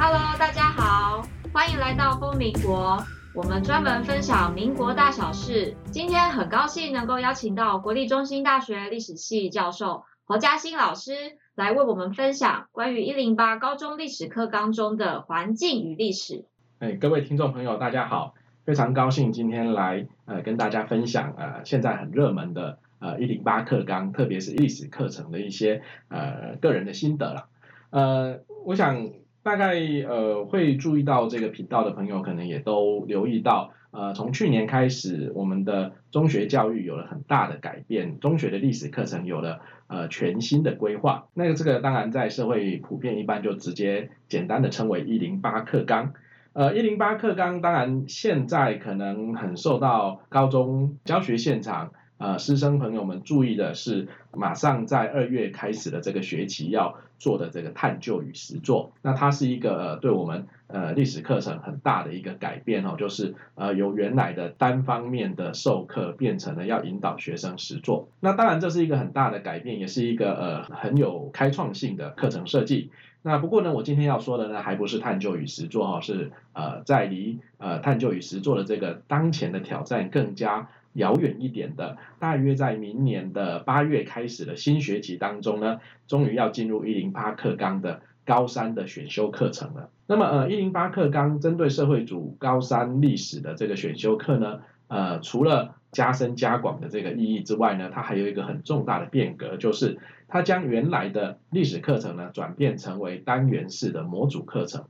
Hello，大家好，歡迎來到瘋民國。我們專門分享民國大小事。今天很高興能夠邀請到國立中興大學歷史系教授侯嘉星老師來為我們分享關於一零八高中歷史課綱中的環境與歷史。哎，各位聽眾朋友，大家好，非常高興今天來呃跟大家分享呃現在很熱門的呃一零八課綱，特別是歷史課程的一些呃個人的心得啦。呃，我想。大概呃會注意到這個頻道的朋友，可能也都留意到，呃，從去年開始，我們的中學教育有了很大的改變，中學的歷史課程有了呃全新的規劃。那個這個當然在社會普遍一般就直接簡單的稱為“一零八課綱”。呃，“一零八課綱”當然現在可能很受到高中教學現場。呃，師生朋友們注意的是，馬上在二月開始的這個學期要做的這個探究與實作，那它是一個呃，對我們呃歷史課程很大的一個改變哦，就是呃由原來的單方面的授課變成了要引導學生實作。那當然這是一個很大的改變，也是一個呃很有開創性的課程設計。那不過呢，我今天要說的呢，還不是探究與實作哦，是呃在離呃探究與實作的這個當前的挑戰更加。遙遠一點的，大約在明年的八月開始的新學期當中呢，終於要進入一零八課綱的高三的選修課程了。那麼，呃，一零八課綱針對社會組高三歷史的這個選修課呢，呃，除了加深加廣的這個意義之外呢，它還有一個很重大的變革，就是它將原來的歷史課程呢，轉變成為單元式的模組課程。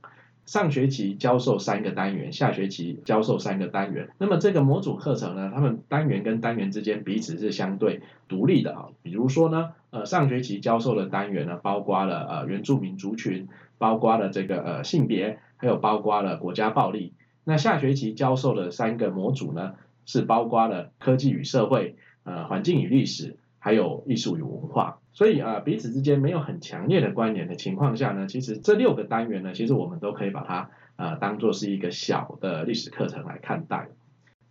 上學期教授，三個單元，下學期教授三個單元。那麼這個模組課程呢，他們單元跟單元之間彼此是相對獨立的啊。比如說呢，呃，上學期教授的單元呢，包括了呃原住民族群，包括了這個呃性別，還有包括了國家暴力。那下學期教授的三個模組呢，是包括了科技與社會，呃，環境與歷史，還有藝術與文化。所以啊、呃，彼此之間沒有很強烈的關聯的情況下呢，其實這六個單元呢，其實我們都可以把它呃當做是一個小的歷史課程來看待。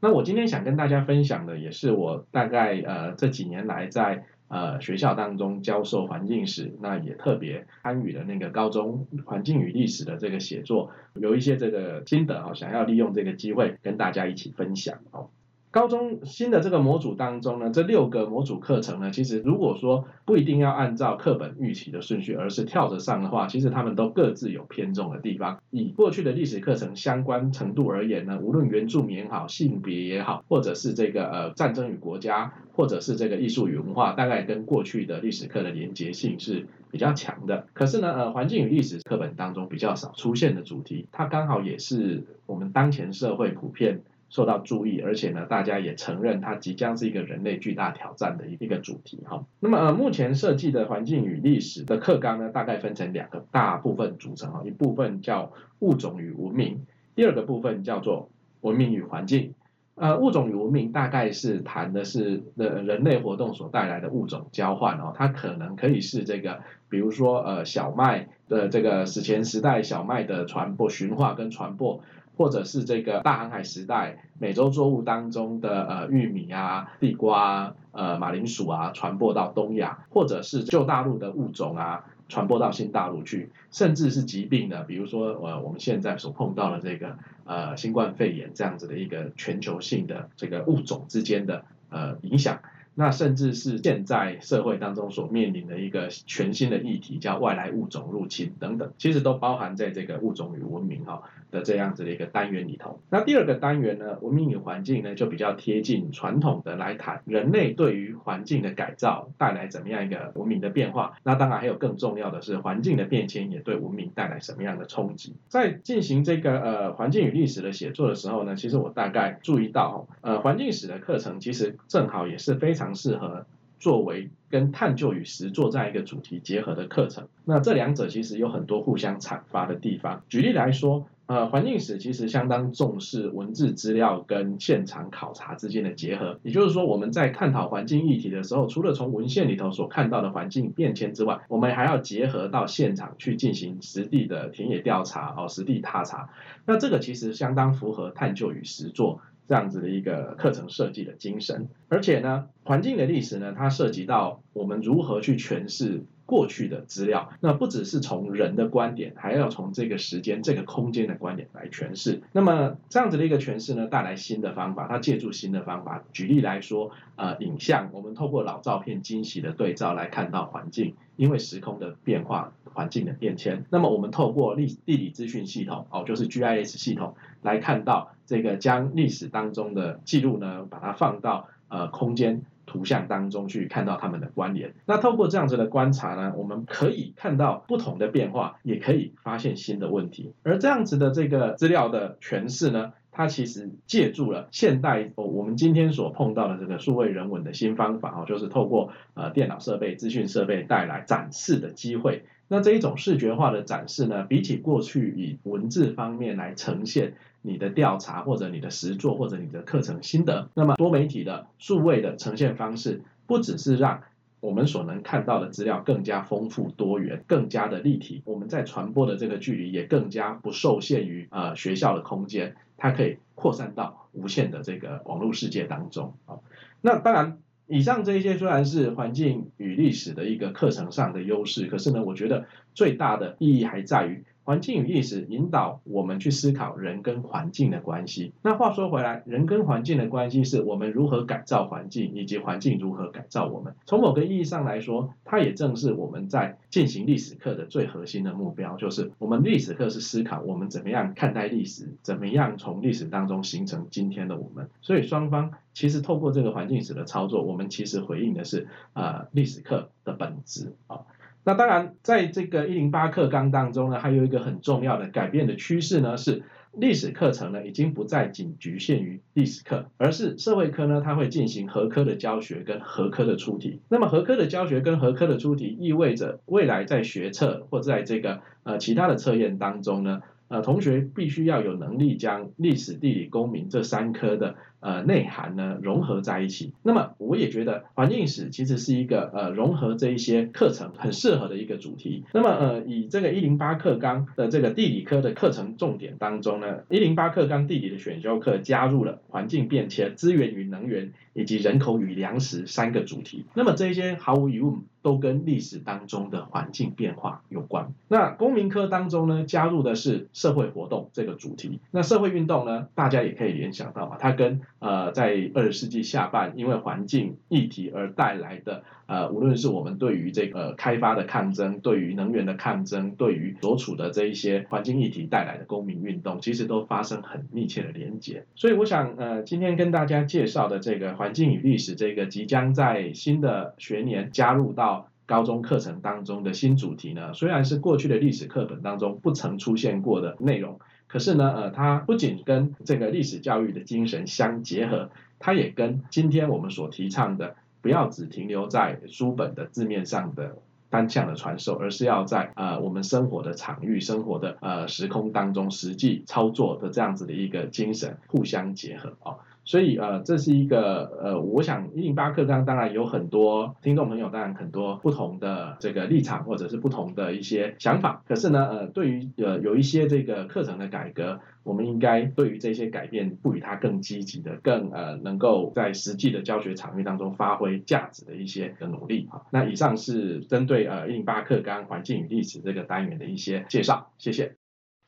那我今天想跟大家分享的，也是我大概呃這幾年來在呃學校當中教授環境史，那也特別參與的那個高中環境與歷史的這個寫作，有一些這個心得啊、哦，想要利用這個機會跟大家一起分享哦。高中新的這個模組當中呢，這六個模組課程呢，其實如果說不一定要按照課本預期的順序，而是跳着上的話，其實它們都各自有偏重的地方。以過去的歷史課程相關程度而言呢，無論原住民也好，性別也好，或者是這個呃戰爭與國家，或者是這個藝術與文化，大概跟過去的歷史課的連結性是比較強的。可是呢，呃，環境與歷史課本當中比較少出現的主題，它剛好也是我們當前社會普遍。受到注意，而且呢，大家也承認它即將是一個人類巨大挑戰的一個主題哈。那麼呃，目前設計的環境與歷史的課綱呢，大概分成兩個大部分組成，一部分叫物種與文明，第二個部分叫做文明與環境。呃，物種與文明大概是談的是人人類活動所帶來的物種交換哦，它可能可以是這個，比如說，呃，小麥的這個史前時代小麥的傳播、馴化跟傳播。或者是這個大航海時代，美洲作物當中的呃玉米啊、地瓜啊、呃馬鈴薯啊，傳播到東亞，或者是舊大陸的物種啊，傳播到新大陸去，甚至是疾病的，比如說呃我們現在所碰到的這個呃新冠肺炎這樣子的一個全球性的這個物種之間的呃影響。那甚至是現在社會當中所面臨的一個全新的議題，叫外來物種入侵等等，其實都包含在這個物種與文明哈的這樣子的一個單元裡頭。那第二個單元呢，文明與環境呢，就比較貼近傳統的來談人類對於環境的改造帶來怎麼樣一個文明的變化。那當然還有更重要的是，環境的變遷也對文明帶來什麼樣的衝擊。在進行這個呃環境與歷史的寫作的時候呢，其實我大概注意到呃環境史的課程其實正好也是非常。非常適合作為跟探究與實作這樣一個主題結合的課程。那這兩者其實有很多互相闡發的地方。舉例來說，呃，環境史其實相當重視文字資料跟現場考察之間的結合。也就是說，我們在探討環境議題的時候，除了從文獻裡頭所看到的環境變遷之外，我們還要結合到現場去進行實地的田野調查，哦，實地踏查。那這個其實相當符合探究與實作這樣子的一個課程設計的精神，而且呢，環境的歷史呢，它涉及到我們如何去詮釋過去的資料。那不只是從人的觀點，還要從這個時間、這個空間的觀點來詮釋。那麼這樣子的一個詮釋呢，帶來新的方法。它借助新的方法，舉例來說，呃，影像，我們透過老照片、驚喜的對照來看到環境，因為時空的變化，環境的變遷。那麼我們透過地地理資訊系統哦，就是 GIS 系統來看到。這個將歷史當中的記錄呢，把它放到呃空間圖像當中去看到他們的關聯。那透過這樣子的觀察呢，我們可以看到不同的變化，也可以發現新的問題。而這樣子的這個資料的詮釋呢，它其實借助了現代哦，我們今天所碰到的這個數位人文的新方法哦，就是透過呃電腦設備、資訊設備帶來展示的機會。那這一種視覺化的展示呢，比起過去以文字方面來呈現。你的調查或者你的實作，或者你的課程心得，那麼多媒體的數位的呈現方式，不只是讓我們所能看到的資料更加豐富多元，更加的立體。我們在傳播的這個距離也更加不受限於呃學校的空間，它可以擴散到無限的這個網絡世界當中啊。那當然，以上這一些雖然是環境與歷史的一個課程上的優勢，可是呢，我覺得最大的意義還在於。環境與歷史引導我們去思考人跟環境的關係。那話說回來，人跟環境的關係是我們如何改造環境，以及環境如何改造我們。從某個意義上來說，它也正是我們在進行歷史課的最核心的目標，就是我們歷史課是思考我們怎麼樣看待歷史，怎麼樣從歷史當中形成今天的我們。所以雙方其實透過這個環境史的操作，我們其實回應的是呃，歷史課的本質啊。那當然，在這個一零八課綱當中呢，還有一個很重要的改變的趨勢呢，是歷史課程呢已經不再僅局限於歷史課，而是社會科呢，它會進行合科的教學跟合科的出題。那麼合科的教學跟合科的出題，意味着未來在學測或在這個呃其他的測驗當中呢。呃，同學必須要有能力將歷史、地理、公民這三科的呃內涵呢融合在一起。那麼，我也覺得環境史其實是一個呃融合這一些課程很適合的一個主題。那麼，呃，以這個一零八課綱的這個地理科的課程重點當中呢，一零八課綱地理的選修課加入了環境變遷、資源與能源。以及人口與糧食三個主題，那麼這些毫無疑問都跟歷史當中的環境變化有關。那公民科當中呢，加入的是社會活動這個主題。那社會運動呢，大家也可以聯想到啊，它跟呃在二十世紀下半，因為環境議題而帶來的呃，無論是我們對於這個、呃、開發的抗爭，對於能源的抗爭，對於所處的這一些環境議題帶來的公民運動，其實都發生很密切的連結。所以我想，呃，今天跟大家介紹的這個環。環境與歷史這個即將在新的學年加入到高中課程當中的新主題呢，雖然是過去的歷史課本當中不曾出現過的內容，可是呢，呃，它不僅跟這個歷史教育的精神相結合，它也跟今天我們所提倡的不要只停留在書本的字面上的單向的傳授，而是要在呃我們生活的場域、生活的呃時空當中實際操作的這樣子的一個精神互相結合啊。哦所以呃，這是一個呃，我想108課綱當然有很多聽眾朋友，當然很多不同的這個立場或者是不同的一些想法。可是呢，呃，對於呃有一些這個課程的改革，我們應該對於這些改變，賦予它更積極的、更呃能夠在實際的教學場域當中發揮價值的一些的努力啊。那以上是針對呃108課綱環境與歷史這個單元的一些介紹，謝謝。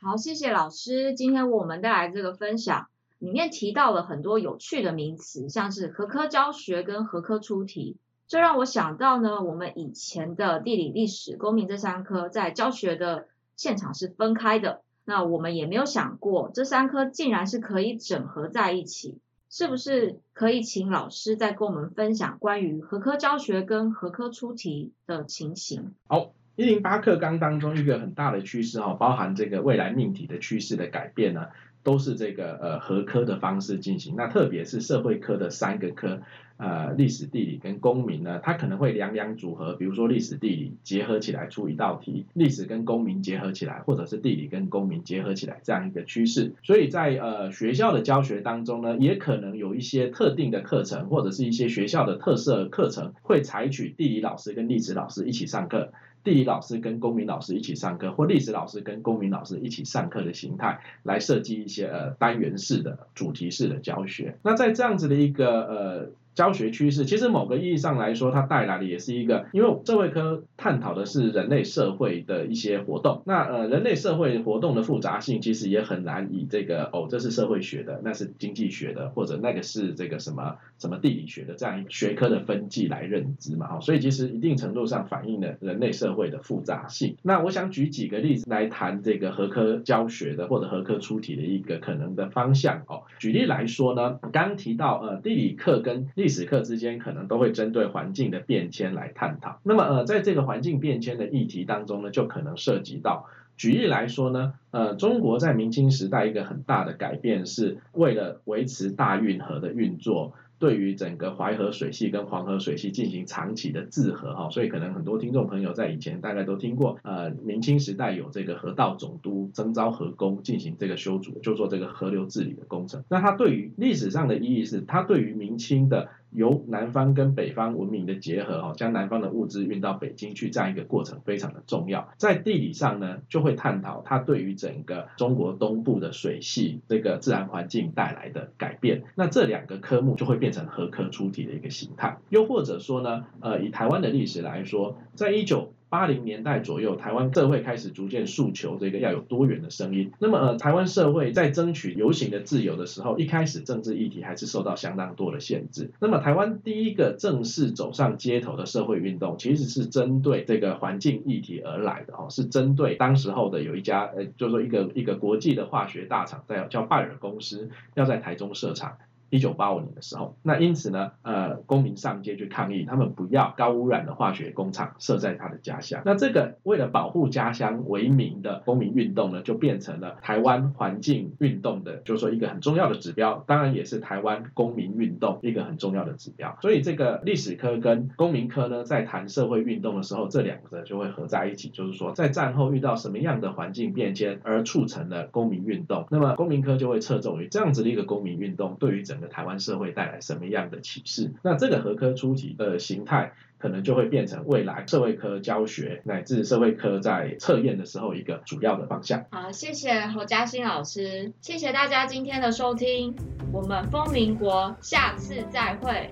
好，謝謝老師，今天我們帶來這個分享。裡面提到了很多有趣的名詞，像是合科教學跟合科出題，這讓我想到呢，我們以前的地理、歷史、公民這三科在教學的現場是分開的，那我們也沒有想過這三科竟然是可以整合在一起，是不是可以請老師再跟我們分享關於合科教學跟合科出題的情形？好，一零八課綱當中一個很大的趨勢哦，包含這個未來命題的趨勢的改變呢、啊。都是這個呃合科的方式進行，那特別是社會科的三個科，呃歷史、地理跟公民呢，它可能會兩兩組合，比如說歷史、地理結合起來出一道題，歷史跟公民結合起來，或者是地理跟公民結合起來這樣一個趨勢。所以在呃學校的教學當中呢，也可能有一些特定的課程或者是一些學校的特色課程會採取地理老師跟歷史老師一起上課。地理老師跟公民老師一起上課，或歷史老師跟公民老師一起上課的形態，來設計一些呃單元式的、主題式的教學。那在這樣子的一個呃，教學趨勢其實某個意義上來說，它帶來的也是一個，因為社會科探討的是人類社會的一些活動。那呃，人類社會活動的複雜性，其實也很難以這個哦，這是社會學的，那是經濟學的，或者那個是這個什麼什麼地理學的這樣一個學科的分際來認知嘛。哦，所以其實一定程度上反映了人類社會的複雜性。那我想舉幾個例子來談這個合科教學的或者合科出題的一個可能的方向。哦，舉例來說呢，剛提到呃，地理課跟歷史課之間可能都會針對環境的變遷來探討。那麼，呃，在這個環境變遷的議題當中呢，就可能涉及到，舉例來說呢，呃，中國在明清時代一個很大的改變是為了維持大運河的運作。對於整個淮河水系跟黃河水系進行長期的治河哈，所以可能很多聽眾朋友在以前大概都聽過，呃，明清時代有這個河道總督徵召河工進行這個修築，就做這個河流治理的工程。那它對於歷史上的意義是，它對於明清的。由南方跟北方文明的結合哦，將南方的物資運到北京去，這樣一個過程非常的重要。在地理上呢，就會探討它對於整個中國東部的水系，這個自然環境帶來的改變，那這兩個科目就會變成合科出題的一個形態，又或者說呢，呃，以台灣的歷史來說，在一九八零年代左右，台灣社會開始逐漸訴求這個要有多元的聲音。那麼，呃，台灣社會在爭取遊行的自由的時候，一開始政治議題還是受到相當多的限制。那麼，台灣第一個正式走上街頭的社會運動，其實是針對這個環境議題而來的哦，是針對當時候的有一家，呃，就是說一個一個國際的化學大廠，在叫拜耳公司，要在台中設廠。一九八五年的時候，那因此呢，呃，公民上街去抗議，他們不要高污染的化學工廠設在他的家鄉。那這個為了保護家鄉為名的公民運動呢，就變成了台灣環境運動的，就是說一個很重要的指標，當然也是台灣公民運動一個很重要的指標。所以這個歷史科跟公民科呢，在談社會運動的時候，這兩個就會合在一起，就是說在戰後遇到什麼樣的環境變遷而促成了公民運動，那麼公民科就會側重於這樣子的一個公民運動對於整。台灣社會帶來什麼樣的啟示？那這個合科出題的形態，可能就會變成未來社會科教學乃至社會科在測驗的時候一個主要的方向。好，謝謝侯嘉星老師，謝謝大家今天的收聽，我們瘋民國下次再會。